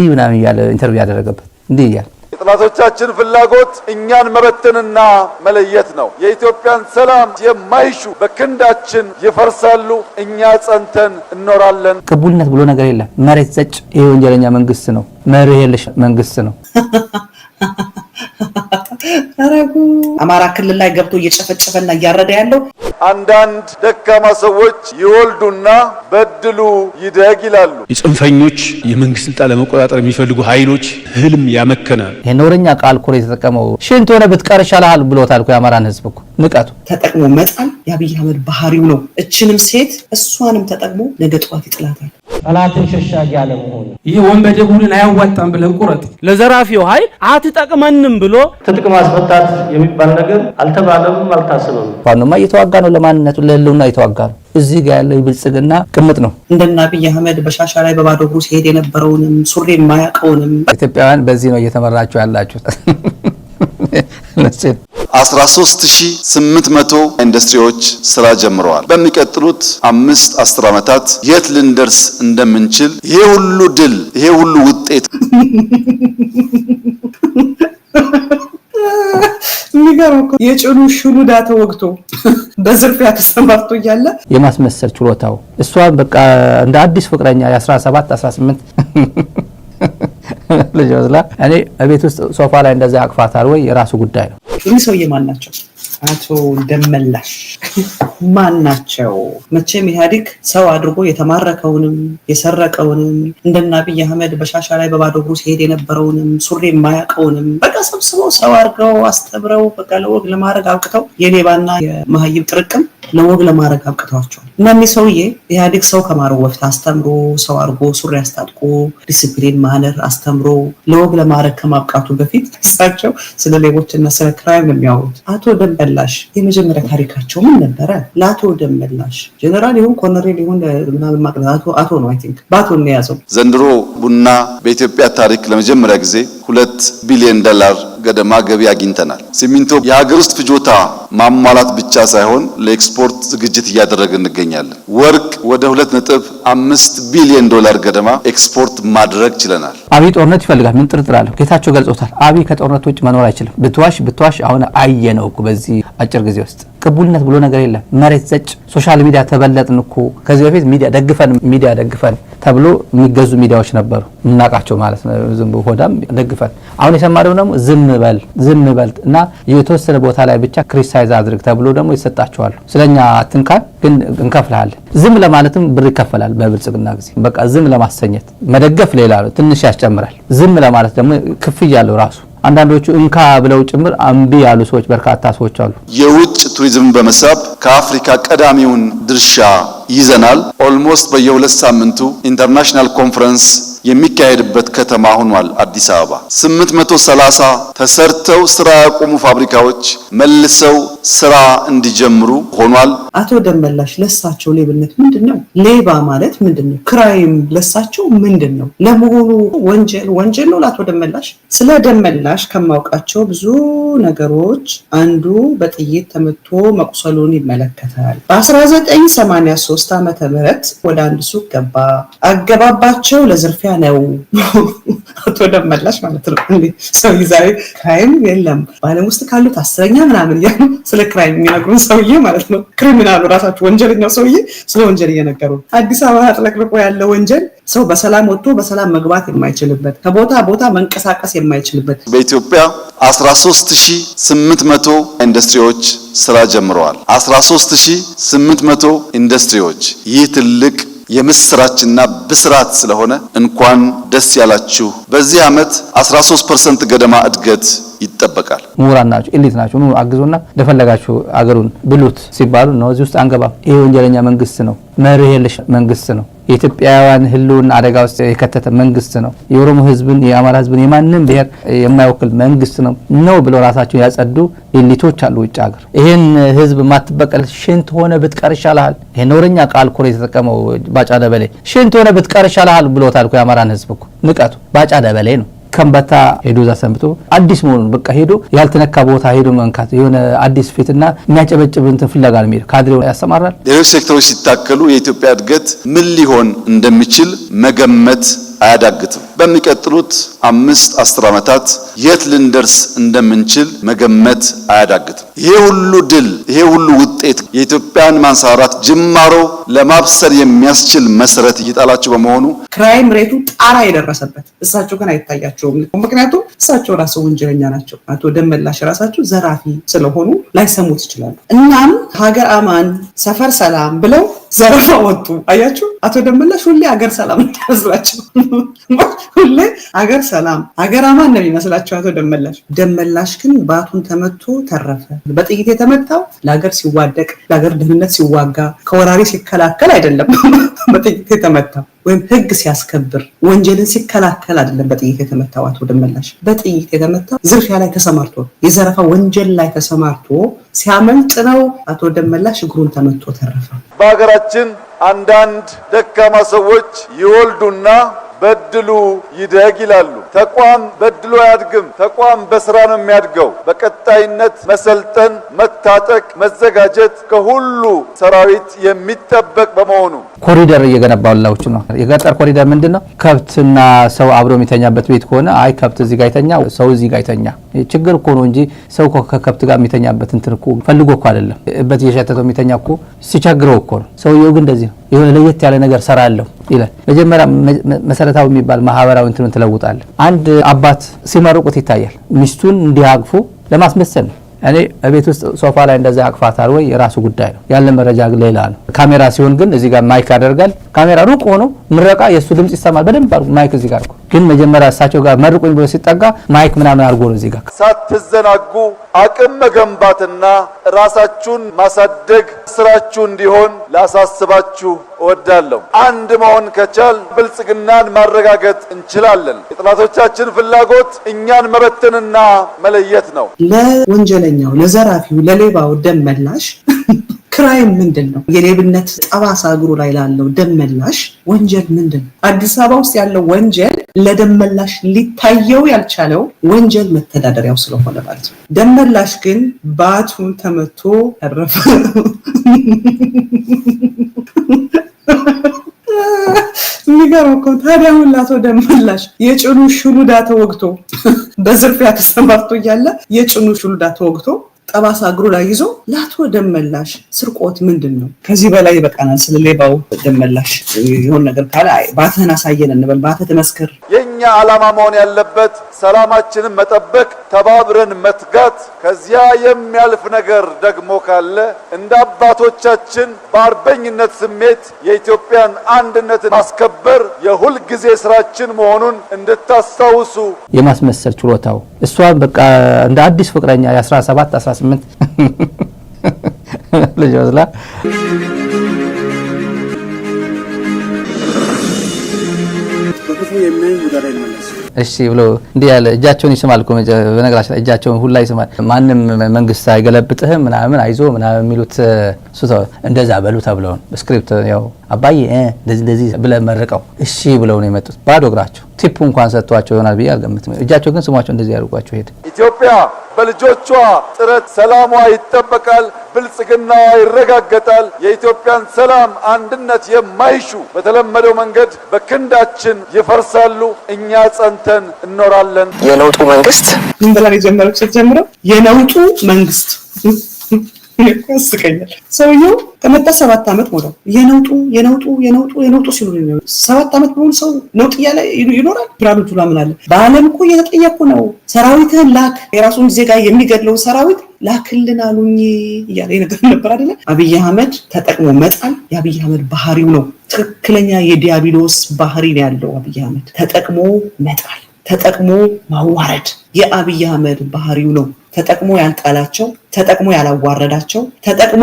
እንዲህ ምናምን እያለ ኢንተርቪው ያደረገበት እንዲህ እያለ የጥላቶቻችን ፍላጎት እኛን መበተንና መለየት ነው። የኢትዮጵያን ሰላም የማይሹ በክንዳችን ይፈርሳሉ፣ እኛ ጸንተን እኖራለን። ቅቡልነት ብሎ ነገር የለም። መሬት ሰጭ ይሄ ወንጀለኛ መንግስት ነው፣ መርህ የለሽ መንግስት ነው። አማራ ክልል ላይ ገብቶ እየጨፈጨፈና እያረደ ያለው አንዳንድ ደካማ ሰዎች ይወልዱና በድሉ ይደግ ይላሉ። የጽንፈኞች የመንግስት ስልጣን ለመቆጣጠር የሚፈልጉ ኃይሎች ህልም ያመከነ የኖረኛ ቃል ኮር የተጠቀመው ሽንት ሆነ ብትቀር ይሻልሃል ብሎታል የአማራን ህዝብ እኮ ንቀቱ ተጠቅሞ መጣል የአብይ አህመድ ባህሪው ነው። እችንም ሴት እሷንም ተጠቅሞ ነገ ጠዋት ይጥላታል። ጠላትን ሸሻጊ አለመሆኑ ይህ ወንበዴ ሁሉን አያዋጣም ብለን ቁረጥ። ለዘራፊው ኃይል አትጠቅመንም ብሎ ትጥቅ ማስፈታት የሚባል ነገር አልተባለም፣ አልታስበም። ፋኖማ እየተዋጋ ነው፣ ለማንነቱ ለህልውና እየተዋጋ ነው። እዚህ ጋር ያለው የብልጽግና ቅምጥ ነው። እንደና አብይ አህመድ በሻሻ ላይ በባዶ እግሩ ሲሄድ የነበረውንም ሱሪ የማያውቀውንም ኢትዮጵያውያን በዚህ ነው እየተመራችሁ ያላችሁት። 13800 ኢንዱስትሪዎች ስራ ጀምረዋል። በሚቀጥሉት አምስት አስር ዓመታት የት ልንደርስ እንደምንችል ይሄ ሁሉ ድል ይሄ ሁሉ ውጤት የሚገርም እኮ የጭኑ ሹሉዳ ተወግቶ በዝርፊያ ተሰማርቶ እያለ የማስመሰል ችሎታው እሷ በቃ እንደ አዲስ ፍቅረኛ የ17 18 ልጅ መስላ እኔ ቤት ውስጥ ሶፋ ላይ እንደዚያ አቅፋታል ወይ የራሱ ጉዳይ ነው። ይህ ሰውዬ ማን ናቸው? አቶ ደመላሽ ማን ናቸው? መቼም ኢህአዴግ ሰው አድርጎ የተማረከውንም የሰረቀውንም እንደነ አብይ አህመድ በሻሻ ላይ በባዶ እግሩ ሲሄድ የነበረውንም ሱሪ የማያውቀውንም በቃ ሰብስበው ሰው አድርገው አስተብረው በቃ ለወግ ለማድረግ አብቅተው የሌባና የመሀይብ ጥርቅም ለወግ ለማድረግ አብቅተዋቸዋል። እና እኒህ ሰውዬ ኢህአዴግ ሰው ከማረው በፊት አስተምሮ ሰው አድርጎ ሱሪ አስታጥቆ ዲስፕሊን ማነር አስተምሮ ለወግ ለማድረግ ከማብቃቱ በፊት እሳቸው ስለ ሌቦችና ስለ ክራይም የሚያወሩት አቶ ደንበ ደመላሽ የመጀመሪያ ታሪካቸው ምን ነበረ? ለአቶ ደመላሽ ጀነራል ይሁን ኮሎኔል ይሁን ምናምን አቶ ነው አይ ቲንክ በአቶ ነው የያዘው። ዘንድሮ ቡና በኢትዮጵያ ታሪክ ለመጀመሪያ ጊዜ ሁለት ቢሊዮን ዶላር ገደማ ገቢ አግኝተናል። ሲሚንቶ የሀገር ውስጥ ፍጆታ ማሟላት ብቻ ሳይሆን ለኤክስፖርት ዝግጅት እያደረግን እንገኛለን። ወርቅ ወደ ሁለት ነጥብ አምስት ቢሊዮን ዶላር ገደማ ኤክስፖርት ማድረግ ችለናል። አብይ ጦርነት ይፈልጋል፣ ምን ጥርጥር አለው? ጌታቸው ገልጾታል። አብይ ከጦርነት ውጭ መኖር አይችልም። ብትዋሽ ብትዋሽ አሁን አየነው በዚህ አጭር ጊዜ ውስጥ ቅቡልነት ብሎ ነገር የለም። መሬት ዘጭ ሶሻል ሚዲያ ተበለጥን እኮ ከዚህ በፊት ሚዲያ ደግፈን ሚዲያ ደግፈን ተብሎ የሚገዙ ሚዲያዎች ነበሩ እናቃቸው ማለት ነው። ዝም ሆዳም ደግፈን አሁን የሰማነው ደግሞ ዝም በል ዝም በል እና የተወሰነ ቦታ ላይ ብቻ ክሪቲሳይዝ አድርግ ተብሎ ደግሞ ይሰጣቸዋሉ። ስለኛ ትንካል ግን እንከፍልሃለን። ዝም ለማለትም ብር ይከፈላል በብልጽግና ጊዜ። በቃ ዝም ለማሰኘት መደገፍ ሌላ ነው፣ ትንሽ ያስጨምራል። ዝም ለማለት ደግሞ ክፍያ አለው ራሱ አንዳንዶቹ እንካ ብለው ጭምር እምቢ ያሉ ሰዎች በርካታ ሰዎች አሉ። የውጭ ቱሪዝም በመሳብ ከአፍሪካ ቀዳሚውን ድርሻ ይዘናል። ኦልሞስት በየሁለት ሳምንቱ ኢንተርናሽናል ኮንፈረንስ የሚካሄድበት ከተማ ሆኗል። አዲስ አበባ 830 ተሰርተው ስራ ያቆሙ ፋብሪካዎች መልሰው ስራ እንዲጀምሩ ሆኗል። አቶ ደመላሽ ለሳቸው ሌብነት ምንድን ነው? ሌባ ማለት ምንድን ነው? ክራይም ለሳቸው ምንድን ነው? ለመሆኑ ወንጀል ወንጀል ነው? ለአቶ ደመላሽ ስለ ደመላሽ ከማውቃቸው ብዙ ነገሮች አንዱ በጥይት ተመቶ መቁሰሉን ይመለከታል። በ1983 ዓ ም ወደ አንድ ሱቅ ገባ። አገባባቸው ለዝርፊያ ነው አቶ ደመላሽ ማለት ነው። ሰውዬ ዛሬ ክራይም የለም በዓለም ውስጥ ካሉት አስረኛ ምናምን እያሉ ስለ ክራይም የሚነግሩን ሰውዬ ማለት ነው። ክሪሚናሉ ራሳቸው ወንጀለኛው ሰውዬ ስለ ወንጀል እየነገሩ አዲስ አበባ አጥለቅልቆ ያለ ወንጀል ሰው በሰላም ወጥቶ በሰላም መግባት የማይችልበት ከቦታ ቦታ መንቀሳቀስ የማይችልበት በኢትዮጵያ 13800 ኢንዱስትሪዎች ስራ ጀምረዋል። 13800 ኢንዱስትሪዎች ይህ ትልቅ የምስራችና ብስራት ስለሆነ እንኳን ደስ ያላችሁ። በዚህ ዓመት 13% ገደማ እድገት ይጠበቃል። ምሁራን ናቸው፣ ኤሊት ናቸው። ኑ አግዙና እንደፈለጋችሁ አገሩን ብሉት ሲባሉ ነው። እዚህ ውስጥ አንገባም። ይሄ ወንጀለኛ መንግስት ነው፣ መርህ የለሽ መንግስት ነው የኢትዮጵያውያን ህልውና አደጋ ውስጥ የከተተ መንግስት ነው። የኦሮሞ ህዝብን፣ የአማራ ህዝብን፣ የማንም ብሔር የማይወክል መንግስት ነው ነው ብለው ራሳቸውን ያጸዱ ኤሊቶች አሉ ውጭ ሀገር። ይህን ህዝብ ማትበቀል ሽንት ሆነ ብትቀር ይሻልሃል። ይህ ኖረኛ ቃል ኮር የተጠቀመው ባጫ ደበሌ ሽንት ሆነ ብትቀር ይሻልሃል ብሎታል የአማራን ህዝብ እኮ ንቀቱ ባጫ ደበሌ ነው። ከንበታ ሄዶ እዛ ሰንብቶ አዲስ መሆኑን በቃ ሄዶ ያልተነካ ቦታ ሄዶ መንካት የሆነ አዲስ ፊትና የሚያጨበጭብ እንትን ፍለጋ ነው የሚሄደው። ካድሬው ያሰማራል። ሌሎች ሴክተሮች ሲታከሉ የኢትዮጵያ እድገት ምን ሊሆን እንደሚችል መገመት አያዳግትም። በሚቀጥሉት አምስት አስር ዓመታት የት ልንደርስ እንደምንችል መገመት አያዳግትም። ይሄ ሁሉ ድል፣ ይሄ ሁሉ ውጤት የኢትዮጵያን ማንሰራራት ጅማሮ ለማብሰር የሚያስችል መሰረት እየጣላቸው በመሆኑ ክራይም ሬቱ ጣራ የደረሰበት እሳቸው ግን አይታያቸውም። ምክንያቱም እሳቸው ራሱ ወንጀለኛ ናቸው። አቶ ደመላሽ ራሳቸው ዘራፊ ስለሆኑ ላይሰሙት ይችላሉ። እናም ሀገር አማን ሰፈር ሰላም ብለው ዘረፋ ወጡ። አያችሁ አቶ ደመላሽ ሁሌ ሀገር ሰላም እንዳይመስላቸው ሁሌ ሀገር ሰላም ሀገር አማን ነው የሚመስላቸው አቶ ደመላሽ። ደመላሽ ግን ባቱን ተመቶ ተረፈ። በጥይት የተመታው ለሀገር ሲዋደቅ፣ ለሀገር ደህንነት ሲዋጋ፣ ከወራሪ ሲከላከል አይደለም በጥይት የተመታው ወይም ህግ ሲያስከብር ወንጀልን ሲከላከል አይደለም። በጥይት የተመታው አቶ ደመላሽ በጥይት የተመታው ዝርፊያ ላይ ተሰማርቶ የዘረፋ ወንጀል ላይ ተሰማርቶ ሲያመልጥ ነው። አቶ ደመላሽ እግሩን ተመቶ ተረፈ። በሀገራችን አንዳንድ ደካማ ሰዎች ይወልዱና በድሉ ይደግ ይላሉ። ተቋም በድሎ አያድግም። ተቋም በስራ ነው የሚያድገው። በቀጣይነት መሰልጠን፣ መታጠቅ፣ መዘጋጀት ከሁሉ ሰራዊት የሚጠበቅ በመሆኑ ኮሪደር እየገነባላችሁ ነው። የገጠር ኮሪደር ምንድን ነው? ከብትና ሰው አብሮ የሚተኛበት ቤት ከሆነ አይ ከብት እዚህ ጋር ይተኛ፣ ሰው እዚህ ጋር ይተኛ ችግር እኮ ነው እንጂ ሰው ከከብት ጋር የሚተኛበት እንትን እኮ ፈልጎ እኮ አይደለም። በት እየሸተተው የሚተኛ እኮ ሲቸግረው እኮ ነው። ሰውየው ግን እንደዚህ ነው። የሆነ ለየት ያለ ነገር ሰራለሁ ይላል። መጀመሪያ መሰረታዊ የሚባል ማህበራዊ እንትኑን ትለውጣለ። አንድ አባት ሲመርቁት ይታያል። ሚስቱን እንዲህ አቅፎ ለማስመሰል ነው። እኔ እቤት ውስጥ ሶፋ ላይ እንደዛ አቅፋታል ወይ የራሱ ጉዳይ ነው። ያለ መረጃ ሌላ ነው። ካሜራ ሲሆን ግን እዚህ ጋር ማይክ ያደርጋል። ካሜራ ሩቅ ሆኖ ምረቃ የእሱ ድምፅ ይሰማል በደንብ ማይክ እዚህ ጋር ግን መጀመሪያ እሳቸው ጋር መርቁኝ ብሎ ሲጠጋ ማይክ ምናምን አድርጎ ነው እዚህ ጋር ሳትዘናጉ አቅም መገንባትና ራሳችሁን ማሳደግ ስራችሁ እንዲሆን ላሳስባችሁ እወዳለሁ። አንድ መሆን ከቻል ብልጽግናን ማረጋገጥ እንችላለን። የጥናቶቻችን ፍላጎት እኛን መበተንና መለየት ነው። ለወንጀለኛው፣ ለዘራፊው፣ ለሌባው ደም መላሽ ክራይም ምንድን ነው? የሌብነት ጠባሳ እግሩ ላይ ላለው ደመላሽ ወንጀል ምንድን ነው? አዲስ አበባ ውስጥ ያለው ወንጀል ለደመላሽ ሊታየው ያልቻለው ወንጀል መተዳደሪያው ስለሆነ ማለት ነው። ደመላሽ ግን ባቱን ተመቶ ያረፈ የሚገርም እኮ ታዲያ አሁን ደመላሽ የጭኑ ሹሉዳ ተወግቶ በዝርፊያ ተሰማርቶ እያለ የጭኑ ሹሉዳ ተወግቶ ጠባሳ እግሩ ላይ ይዞ ለአቶ ደመላሽ ስርቆት ምንድን ነው? ከዚህ በላይ ይበቃናል። ስለሌባው ደመላሽ የሆነ ነገር ካለ ባትህን አሳየን እንበል። ባትህ ተመስክር የእኛ ዓላማ መሆን ያለበት ሰላማችንን መጠበቅ፣ ተባብረን መትጋት። ከዚያ የሚያልፍ ነገር ደግሞ ካለ እንደ አባቶቻችን በአርበኝነት ስሜት የኢትዮጵያን አንድነት ማስከበር የሁል ጊዜ ስራችን መሆኑን እንድታስታውሱ። የማስመሰል ችሎታው እሷ በቃ እንደ አዲስ ፍቅረኛ የ17 18 ልጅ መስላ እሺ ብሎ እንዲህ ያለ እጃቸውን ይስማል በነገራችን ላይ እጃቸውን ሁላ ይስማል። ማንም መንግስት አይገለብጥህም ምናምን አይዞ ምናምን የሚሉት እንደዛ በሉ ተብለውን ስክሪፕት ያው አባዬ እንደዚህ እንደዚህ ብለ መርቀው እሺ ብለው ነው የመጡት። ባዶ እግራቸው ቲፕ እንኳን ሰጥቷቸው ይሆናል ብዬ አልገምትም። እጃቸው ግን ስሟቸው እንደዚህ ያደርጓቸው ሄድ ኢትዮጵያ በልጆቿ ጥረት ሰላሟ ይጠበቃል፣ ብልጽግናዋ ይረጋገጣል። የኢትዮጵያን ሰላም አንድነት የማይሹ በተለመደው መንገድ በክንዳችን ይፈርሳሉ። እኛ ጸንተን እኖራለን። የለውጡ መንግስት ዝም ብላ የጀመረች ጀምረው የለውጡ መንግስት ያስቀኛል። ሰውየው ከመጣ ሰባት ዓመት ሞላው። የነውጡ የነውጡ የነውጡ የነውጡ ሲሉ ሰባት ዓመት በሆኑ ሰው ነውጥ እያለ ይኖራል። ብርሃኑ ጁላ ምን አለ? በዓለም እኮ እየተጠየቁ ነው። ሰራዊትህን ላክ፣ የራሱን ዜጋ የሚገድለውን ሰራዊት ላክልን አሉኝ እያለ ነገር ነበር አይደለ? አብይ አህመድ ተጠቅሞ መጣል የአብይ አህመድ ባህሪው ነው። ትክክለኛ የዲያብሎስ ባህሪ ነው ያለው አብይ አህመድ። ተጠቅሞ መጣል፣ ተጠቅሞ ማዋረድ የአብይ አህመድ ባህሪው ነው። ተጠቅሞ ያልጣላቸው፣ ተጠቅሞ ያላዋረዳቸው፣ ተጠቅሞ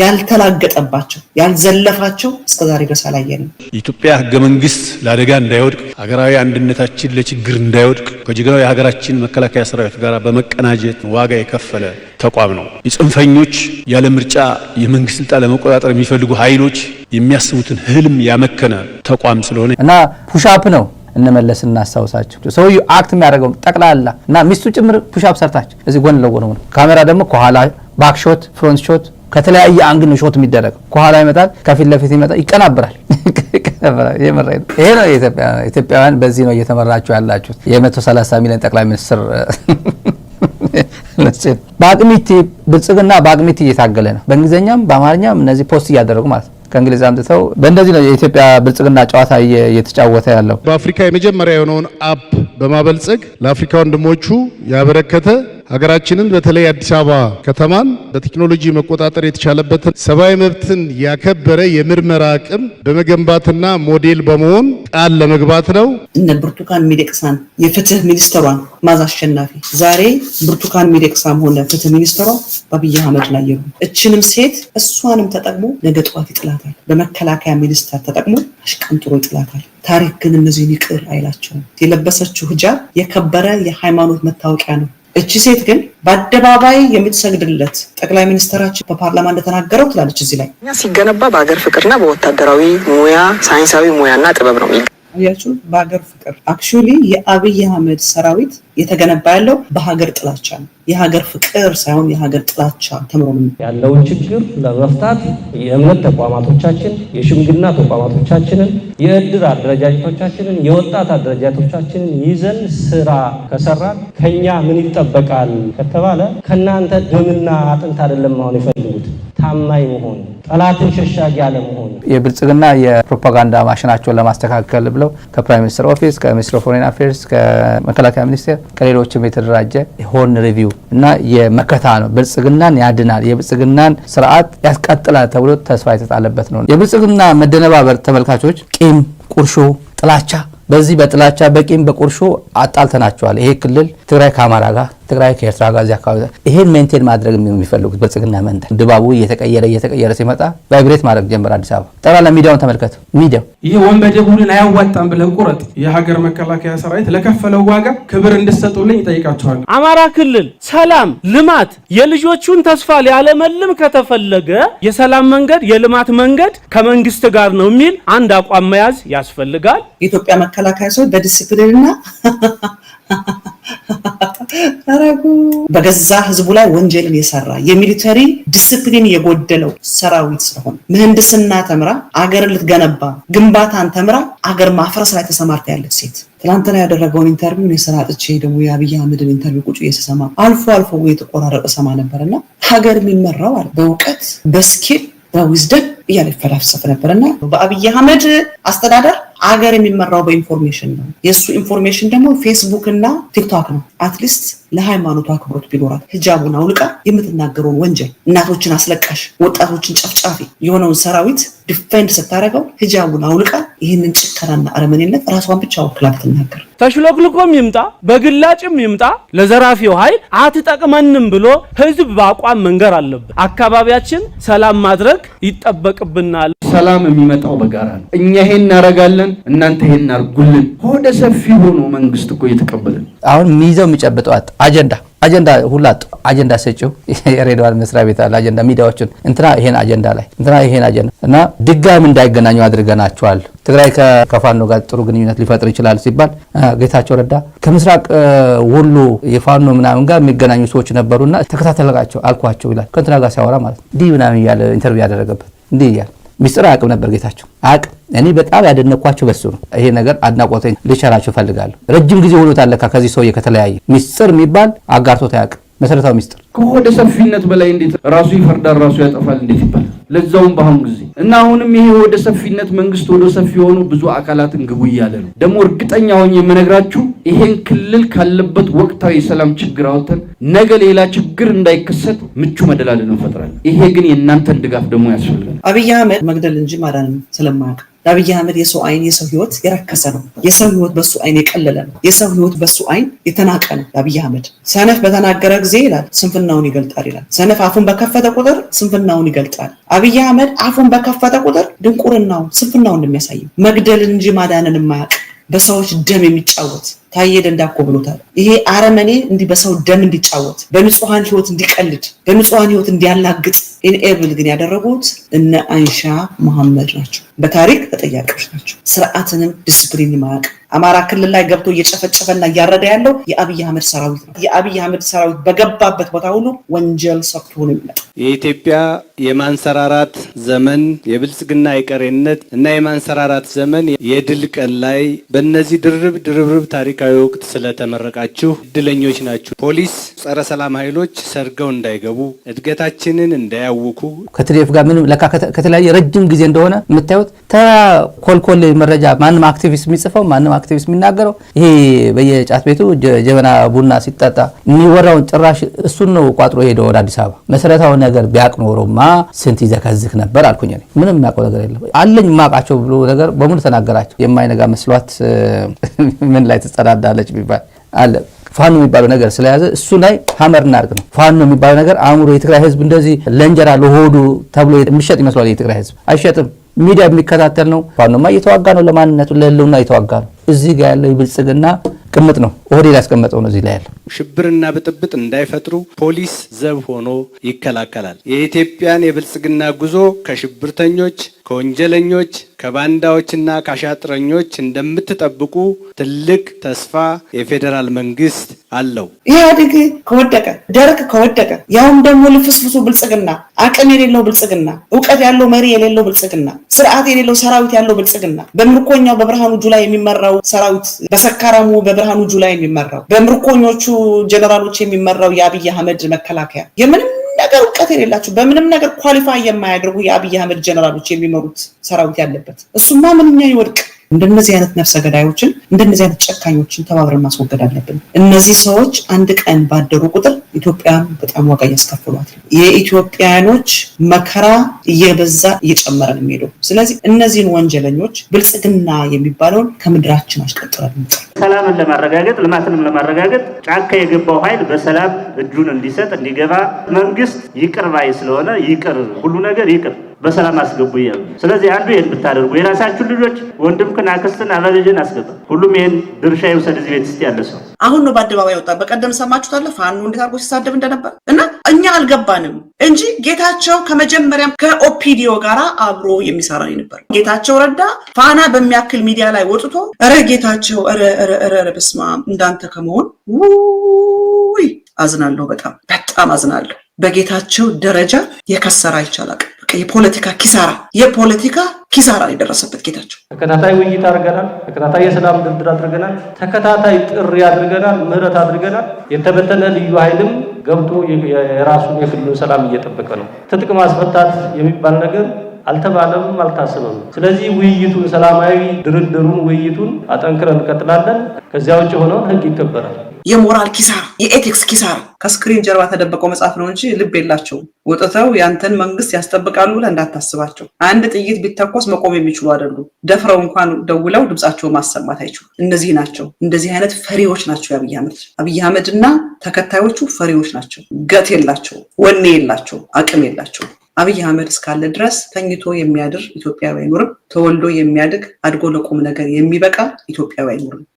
ያልተላገጠባቸው ያልዘለፋቸው እስከዛሬ ድረስ አላየንም። የኢትዮጵያ ህገ መንግስት ለአደጋ እንዳይወድቅ ሀገራዊ አንድነታችን ለችግር እንዳይወድቅ ከጅግናው የሀገራችን መከላከያ ሰራዊት ጋር በመቀናጀት ዋጋ የከፈለ ተቋም ነው። የጽንፈኞች ያለ ምርጫ የመንግስት ስልጣን ለመቆጣጠር የሚፈልጉ ኃይሎች የሚያስቡትን ህልም ያመከነ ተቋም ስለሆነ እና ፑሻፕ ነው እንመለስ እናስታውሳቸው። ሰውየ አክት የሚያደርገው ጠቅላላ እና ሚስቱ ጭምር ፑሻፕ ሰርታቸው እዚህ ጎን ለጎን ነው። ካሜራ ደግሞ ከኋላ ባክሾት ፍሮንት ሾት ከተለያየ አንግል ነው ሾት የሚደረግ። ከኋላ ይመጣል፣ ከፊት ለፊት ይመጣል፣ ይቀናብራል። ይሄ ነው ኢትዮጵያውያን፣ በዚህ ነው እየተመራችሁ ያላችሁት። የ130 ሚሊዮን ጠቅላይ ሚኒስትር በአቅሚቴ ብልጽግና በአቅሚቴ እየታገለ ነው። በእንግሊዝኛም በአማርኛም እነዚህ ፖስት እያደረጉ ማለት ነው። ከእንግሊዝ አምጥተው በእንደዚህ ነው የኢትዮጵያ ብልጽግና ጨዋታ እየተጫወተ ያለው። በአፍሪካ የመጀመሪያ የሆነውን አፕ በማበልጸግ ለአፍሪካ ወንድሞቹ ያበረከተ ሀገራችንን በተለይ አዲስ አበባ ከተማን በቴክኖሎጂ መቆጣጠር የተቻለበትን ሰብአዊ መብትን ያከበረ የምርመራ አቅም በመገንባትና ሞዴል በመሆን ቃል ለመግባት ነው። እነ ብርቱካን ሚደቅሳን የፍትህ ሚኒስትሯን ማዝ አሸናፊ ዛሬ ብርቱካን ሚደቅሳም ሆነ ፍትህ ሚኒስትሯ በአብይ አህመድ ላይ የሆኑ እችንም ሴት እሷንም ተጠቅሞ ነገ ጠዋት ይጥላታል። በመከላከያ ሚኒስቴር ተጠቅሞ አሽቀንጥሮ ይጥላታል። ታሪክ ግን እነዚህን ይቅር አይላቸውም። የለበሰችው ሂጃብ የከበረ የሃይማኖት መታወቂያ ነው። እቺ ሴት ግን በአደባባይ የምትሰግድለት ጠቅላይ ሚኒስትራችን በፓርላማ እንደተናገረው ትላለች። እዚህ ላይ ሲገነባ በሀገር ፍቅርና በወታደራዊ ሙያ ሳይንሳዊ ሙያና ጥበብ ነው ያችሁ በሀገር ፍቅር አክቹሊ የአብይ አህመድ ሰራዊት የተገነባ ያለው በሀገር ጥላቻ ነው። የሀገር ፍቅር ሳይሆን የሀገር ጥላቻ ተምሮ ያለውን ችግር ለመፍታት የእምነት ተቋማቶቻችን የሽምግና ተቋማቶቻችንን የእድር አደረጃጀቶቻችንን የወጣት አደረጃጀቶቻችንን ይዘን ስራ ከሰራን ከኛ ምን ይጠበቃል ከተባለ ከእናንተ ደምና አጥንት አይደለም መሆን የፈልጉት ታማኝ መሆን ጠላትን ሸሻጊ አለመሆን የብልጽግና የፕሮፓጋንዳ ማሽናቸውን ለማስተካከል ብለው ከፕራይም ሚኒስትር ኦፊስ፣ ከሚኒስትር ፎሬን አፌርስ፣ ከመከላከያ ሚኒስቴር፣ ከሌሎችም የተደራጀ ሆን ሪቪው እና የመከታ ነው። ብልጽግናን ያድናል፣ የብልጽግናን ስርዓት ያስቀጥላል ተብሎ ተስፋ የተጣለበት ነው። የብልጽግና መደነባበር ተመልካቾች ቂም፣ ቁርሾ፣ ጥላቻ በዚህ በጥላቻ በቂም በቁርሾ አጣልተናቸዋል። ይሄ ክልል ትግራይ ከአማራ ጋር፣ ትግራይ ከኤርትራ ጋር እዚህ አካባቢ ይሄን ሜንቴን ማድረግ የሚፈልጉት ብልጽግና መንደር ድባቡ እየተቀየረ እየተቀየረ ሲመጣ ቫይብሬት ማድረግ ጀምር። አዲስ አበባ ጠቅላላ ሚዲያውን ተመልከቱ። ሚዲያው ይህ ወንበዴ ቡድን አያዋጣም ብለን ቁረጥ። የሀገር መከላከያ ሰራዊት ለከፈለው ዋጋ ክብር እንድሰጡልኝ ይጠይቃቸዋል። አማራ ክልል ሰላም፣ ልማት የልጆቹን ተስፋ ሊያለመልም ከተፈለገ የሰላም መንገድ የልማት መንገድ ከመንግስት ጋር ነው የሚል አንድ አቋም መያዝ ያስፈልጋል። መከላከያ ሰው በዲስፕሊን ረጉ በገዛ ህዝቡ ላይ ወንጀልን የሰራ የሚሊተሪ ዲስፕሊን የጎደለው ሰራዊት ስለሆነ ምህንድስና ተምራ አገር ልትገነባ ግንባታን ተምራ አገር ማፍረስ ላይ ተሰማርታ ያለች ሴት ላይ ያደረገውን ኢንተርቪው እኔ ስራ አጥቼ ደግሞ የአብይ አህመድን ኢንተርቪው ቁጭ እየተሰማ አልፎ አልፎ የተቆራረጠ ሰማ ነበርና ሀገር የሚመራው አለ በእውቀት በስኪል በዊዝደን እያለ ይፈላሰፍ ነበርና በአብይ አህመድ አስተዳደር አገር የሚመራው በኢንፎርሜሽን ነው። የእሱ ኢንፎርሜሽን ደግሞ ፌስቡክ እና ቲክቶክ ነው። አትሊስት ለሃይማኖቱ አክብሮት ቢኖራት ሂጃቡን አውልቃ የምትናገረውን ወንጀል እናቶችን አስለቃሽ፣ ወጣቶችን ጨፍጫፊ የሆነውን ሰራዊት ዲፌንድ ስታደርገው ሂጃቡን አውልቃ ይህንን ጭከናና አረመኔነት ራሷን ብቻ ወክላ ብትናገር ተሽሎክልኮም ይምጣ በግላጭም ይምጣ ለዘራፊው ኃይል አትጠቅመንም ብሎ ህዝብ በአቋም መንገር አለብን። አካባቢያችን ሰላም ማድረግ ይጠበቅብናል። ሰላም የሚመጣው በጋራ ነው። እኛ ይሄን እናደርጋለን፣ እናንተ ይሄን እናድርጉልን። ሆደ ሰፊ ሆኖ መንግስት እኮ እየተቀበለን አሁን የሚይዘው የሚጨብጠው አጀንዳ አጀንዳ ሁላ አጡ። አጀንዳ ሰጪው የሬዲዋን መስሪያ ቤት አለ አጀንዳ ሚዲያዎችን እንትና ይሄን አጀንዳ ላይ እንትና ይሄን አጀንዳ እና ድጋሚ እንዳይገናኙ አድርገናቸዋል። ትግራይ ከፋኖ ጋር ጥሩ ግንኙነት ሊፈጥር ይችላል ሲባል ጌታቸው ረዳ ከምስራቅ ወሎ የፋኖ ምናምን ጋር የሚገናኙ ሰዎች ነበሩና ተከታተላቸው አልኳቸው ይላል። ከእንትና ጋር ሲያወራ ማለት እንዲህ ምናምን እያለ ኢንተርቪው ያደረገበት እንዲህ እያለ ሚስጥር አያውቅም ነበር ጌታቸው አያውቅም። እኔ በጣም ያደነኳቸው በሱ ነው። ይሄ ነገር አድናቆተኝ ልቸራቸው እፈልጋለሁ። ረጅም ጊዜ ሆኖታል ለካ ከዚህ ሰውዬ ከተለያየ ሚስጥር የሚባል አጋርቶት አያውቅም። መሰረታዊ ሚስጥር ከሆደ ሰፊነት በላይ እንዴት ራሱ ይፈርዳል ራሱ ያጠፋል እንዴት ይባላል? ለዛውም በአሁኑ ጊዜ እና አሁንም ይሄ ወደ ሰፊነት መንግስት ወደ ሰፊ የሆኑ ብዙ አካላትን ግቡ እያለ ነው። ደግሞ እርግጠኛ ሆኜ የምነግራችሁ ይሄን ክልል ካለበት ወቅታዊ የሰላም ችግር አውጥተን ነገ ሌላ ችግር እንዳይከሰት ምቹ መደላደል እንፈጥራለን። ይሄ ግን የእናንተን ድጋፍ ደግሞ ያስፈልጋል። አብይ አህመድ መግደል እንጂ ማዳንም ስለማያውቅ ለአብይ አህመድ የሰው አይን የሰው ህይወት የረከሰ ነው። የሰው ህይወት በሱ አይን የቀለለ ነው። የሰው ህይወት በሱ አይን የተናቀ ነው። ለአብይ አህመድ ሰነፍ በተናገረ ጊዜ ይላል ስንፍናውን ይገልጣል ይላል። ሰነፍ አፉን በከፈተ ቁጥር ስንፍናውን ይገልጣል። አብይ አህመድ አፉን በከፈተ ቁጥር ድንቁርናውን፣ ስንፍናውን እንደሚያሳየው መግደልን እንጂ ማዳንን የማያውቅ በሰዎች ደም የሚጫወት ታዬ ደንዳ እኮ ብሎታል። ይሄ አረመኔ እንዲህ በሰው ደም እንዲጫወት፣ በንጹሐን ህይወት እንዲቀልድ፣ በንጹሐን ህይወት እንዲያላግጥ ኢንኤብል ግን ያደረጉት እነ አንሻ መሐመድ ናቸው። በታሪክ ተጠያቂዎች ናቸው። ስርዓትንም ዲስፕሊን ማያውቅ አማራ ክልል ላይ ገብቶ እየጨፈጨፈና እያረደ ያለው የአብይ አህመድ ሰራዊት ነው። የአብይ አህመድ ሰራዊት በገባበት ቦታ ሁሉ ወንጀል ሰፍቶ ሆኖ ይመጣል። የኢትዮጵያ የማንሰራራት ዘመን የብልጽግና የቀሬነት እና የማንሰራራት ዘመን የድል ቀን ላይ በእነዚህ ድርብ ድርብርብ ታሪክ በአስቸኳይ ወቅት ስለተመረቃችሁ እድለኞች ናችሁ። ፖሊስ፣ ጸረ ሰላም ኃይሎች ሰርገው እንዳይገቡ፣ እድገታችንን እንዳያውኩ ከትዴፍ ጋር ምንም ለካ ከተለያየ ረጅም ጊዜ እንደሆነ የምታዩት ተኮልኮል መረጃ ማንም አክቲቪስት የሚጽፈው ማንም አክቲቪስት የሚናገረው ይሄ በየጫት ቤቱ ጀበና ቡና ሲጠጣ የሚወራውን ጭራሽ እሱን ነው ቋጥሮ ሄደው ወደ አዲስ አበባ። መሰረታዊ ነገር ቢያቅ ኖሮማ ስንት ይዘከዝክ ነበር አልኩኝ። ምንም የሚያውቀው ነገር የለም አለኝ ማቃቸው ብሎ ነገር በሙሉ ተናገራቸው። የማይነጋ መስሏት ምን ላይ ትጸዳ ትራዳለች ቢባል አለ ፋኖ የሚባለው ነገር ስለያዘ እሱ ላይ ሀመር እናርግ ነው። ፋኖ የሚባለው ነገር አእምሮ የትግራይ ህዝብ እንደዚህ ለእንጀራ ለሆዱ ተብሎ የሚሸጥ ይመስሏል። የትግራይ ህዝብ አይሸጥም። ሚዲያ የሚከታተል ነው። ፋኖማ እየተዋጋ ነው፣ ለማንነቱ ለህልውና እየተዋጋ ነው። እዚህ ጋር ያለው የብልጽግና ቅምጥ ነው። ኦህዴድ ያስቀመጠው ነው እዚህ ላይ ያለ ሽብርና ብጥብጥ እንዳይፈጥሩ ፖሊስ ዘብ ሆኖ ይከላከላል። የኢትዮጵያን የብልጽግና ጉዞ ከሽብርተኞች፣ ከወንጀለኞች፣ ከባንዳዎችና ከአሻጥረኞች እንደምትጠብቁ ትልቅ ተስፋ የፌዴራል መንግስት አለው። ኢህአዴግ ከወደቀ ደርግ ከወደቀ ያውም ደግሞ ልፍስፍሱ ብልጽግና፣ አቅም የሌለው ብልጽግና፣ እውቀት ያለው መሪ የሌለው ብልጽግና፣ ስርዓት የሌለው ሰራዊት ያለው ብልጽግና፣ በምርኮኛው በብርሃኑ ጁላ የሚመራው ሰራዊት በሰካራሙ በብርሃኑ ጁላ የሚመራው በምርኮኞቹ ጀነራሎች የሚመራው የአብይ አህመድ መከላከያ የምንም ነገር እውቀት የሌላቸው በምንም ነገር ኳሊፋይ የማያደርጉ የአብይ አህመድ ጀነራሎች የሚመሩት ሰራዊት ያለበት እሱማ ምንኛ ይወድቅ። እንደነዚህ አይነት ነፍሰ ገዳዮችን እንደነዚህ አይነት ጨካኞችን ተባብረን ማስወገድ አለብን። እነዚህ ሰዎች አንድ ቀን ባደሩ ቁጥር ኢትዮጵያን በጣም ዋጋ እያስከፍሏት ነው። የኢትዮጵያኖች መከራ እየበዛ እየጨመረ ነው የሚሄደው። ስለዚህ እነዚህን ወንጀለኞች ብልጽግና የሚባለውን ከምድራችን አስቀጥረን ሰላምን ለማረጋገጥ ልማትንም ለማረጋገጥ ጫካ የገባው ኃይል በሰላም እጁን እንዲሰጥ እንዲገባ መንግስት ይቅር ባይ ስለሆነ ይቅር ሁሉ ነገር ይቅር በሰላም አስገቡ እያሉ። ስለዚህ አንዱ ይህን ብታደርጉ የራሳችሁን ልጆች ወንድምክን፣ አክስትን፣ አባልጅን አስገባ። ሁሉም ይህን ድርሻ ይውሰድ። እዚህ ቤት ስ ያለ ሰው አሁን ነው በአደባባይ ወጣ። በቀደም ሰማችሁታለ ፋኖ እንዴት አድርጎ ሲሳደብ እንደነበር እና እኛ አልገባንም እንጂ ጌታቸው ከመጀመሪያም ከኦፒዲዮ ጋር አብሮ የሚሰራ ነበር። ጌታቸው ረዳ ፋና በሚያክል ሚዲያ ላይ ወጥቶ ረ ጌታቸው ረ በስመ እንዳንተ ከመሆን ውይ አዝናለሁ። በጣም በጣም አዝናለሁ። በጌታቸው ደረጃ የከሰራ ይቻላል የፖለቲካ ኪሳራ የፖለቲካ ኪሳራ የደረሰበት ጌታቸው ተከታታይ ውይይት አድርገናል። ተከታታይ የሰላም ድርድር አድርገናል። ተከታታይ ጥሪ አድርገናል። ምህረት አድርገናል። የተበተነ ልዩ ኃይልም ገብቶ የራሱን የክልሉን ሰላም እየጠበቀ ነው። ትጥቅ ማስፈታት የሚባል ነገር አልተባለም፣ አልታሰበም። ስለዚህ ውይይቱን ሰላማዊ ድርድሩን ውይይቱን አጠንክረን እንቀጥላለን። ከዚያ ውጭ የሆነውን ህግ ይከበራል። የሞራል ኪሳራ፣ የኤቲክስ ኪሳራ ከስክሪን ጀርባ ተደበቀው መጽሐፍ ነው እንጂ ልብ የላቸውም። ወጥተው ያንተን መንግስት ያስጠብቃሉ ብለህ እንዳታስባቸው። አንድ ጥይት ቢተኮስ መቆም የሚችሉ አይደሉም። ደፍረው እንኳን ደውለው ድምፃቸው ማሰማት አይችሉም። እነዚህ ናቸው፣ እንደዚህ አይነት ፈሪዎች ናቸው የአብይ አህመድ። አብይ አህመድ እና ተከታዮቹ ፈሪዎች ናቸው። ገት የላቸው፣ ወኔ የላቸው፣ አቅም የላቸው። አብይ አህመድ እስካለ ድረስ ተኝቶ የሚያድር ኢትዮጵያዊ አይኖርም። ተወልዶ የሚያድግ አድጎ ለቁም ነገር የሚበቃ ኢትዮጵያዊ አይኖርም።